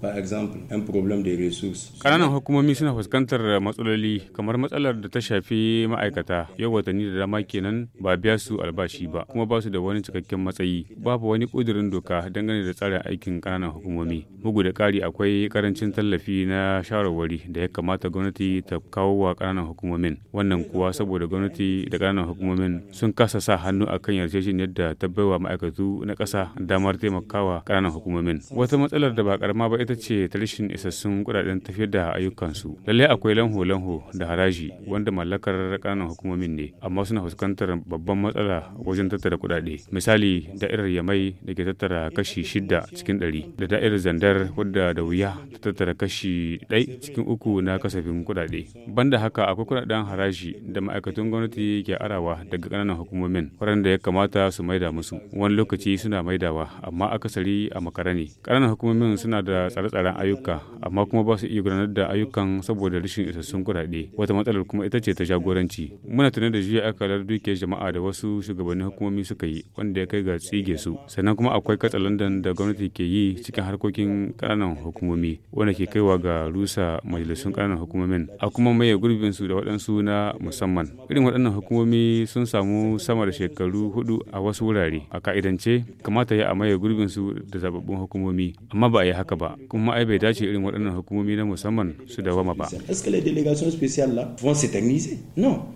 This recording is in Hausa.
Ƙananan hukumomi suna fuskantar matsaloli kamar matsalar da ta shafi ma'aikata yau watanni da dama kenan ba biya su albashi ba kuma ba su da wani cikakken matsayi babu wani ƙudurin doka dangane da tsarin aikin ƙananan hukumomi bugu da ƙari akwai ƙarancin tallafi na shawarwari da ya kamata gwamnati ta kawo wa ƙananan hukumomin wannan kuwa saboda gwamnati da ƙananan hukumomin sun kasa sa hannu akan yarjejeniyar da ta baiwa ma'aikatu na ƙasa damar taimakawa ƙananan hukumomin wata matsalar da ba ƙarama ba ita ce ta rashin isassun kudaden tafiyar da ayyukansu. Lalle akwai lanho-lanho da haraji wanda mallakar kananan hukumomin ne, amma suna fuskantar babban matsala wajen tattara kudade. Misali, da'irar Yamai da ke tattara kashi shida cikin ɗari, da da'irar Zandar wadda da wuya ta tattara kashi ɗai cikin uku na kasafin kuɗaɗe. Banda haka akwai kuɗaɗen haraji da ma'aikatun gwamnati ke arawa daga kananan hukumomin da ya kamata su maida musu. Wani lokaci suna maidawa amma akasari a makarani kananan hukumomin suna da tsare-tsaren ayyuka amma kuma ba su iya gudanar da ayyukan saboda rashin isassun kuɗaɗe wata matsalar kuma ita ce ta jagoranci muna tunanin da juya akalar dukiyar jama'a da wasu shugabannin hukumomi suka yi wanda ya kai ga tsige su sannan kuma akwai katsalandan da gwamnati ke yi cikin harkokin ƙananan hukumomi wanda ke kaiwa ga rusa majalisun ƙananan hukumomin a kuma maye gurbin su da waɗansu na musamman irin waɗannan hukumomi sun samu sama da shekaru hudu a wasu wurare a ka'idance kamata ya a maye gurbin su da zababbun hukumomi amma ba a yi haka ba kumahaye bai ta ci yi waɗannan hukumu na musamman su da wama ba. est ce que les délégations spéciales la. vont s'yetagniser non.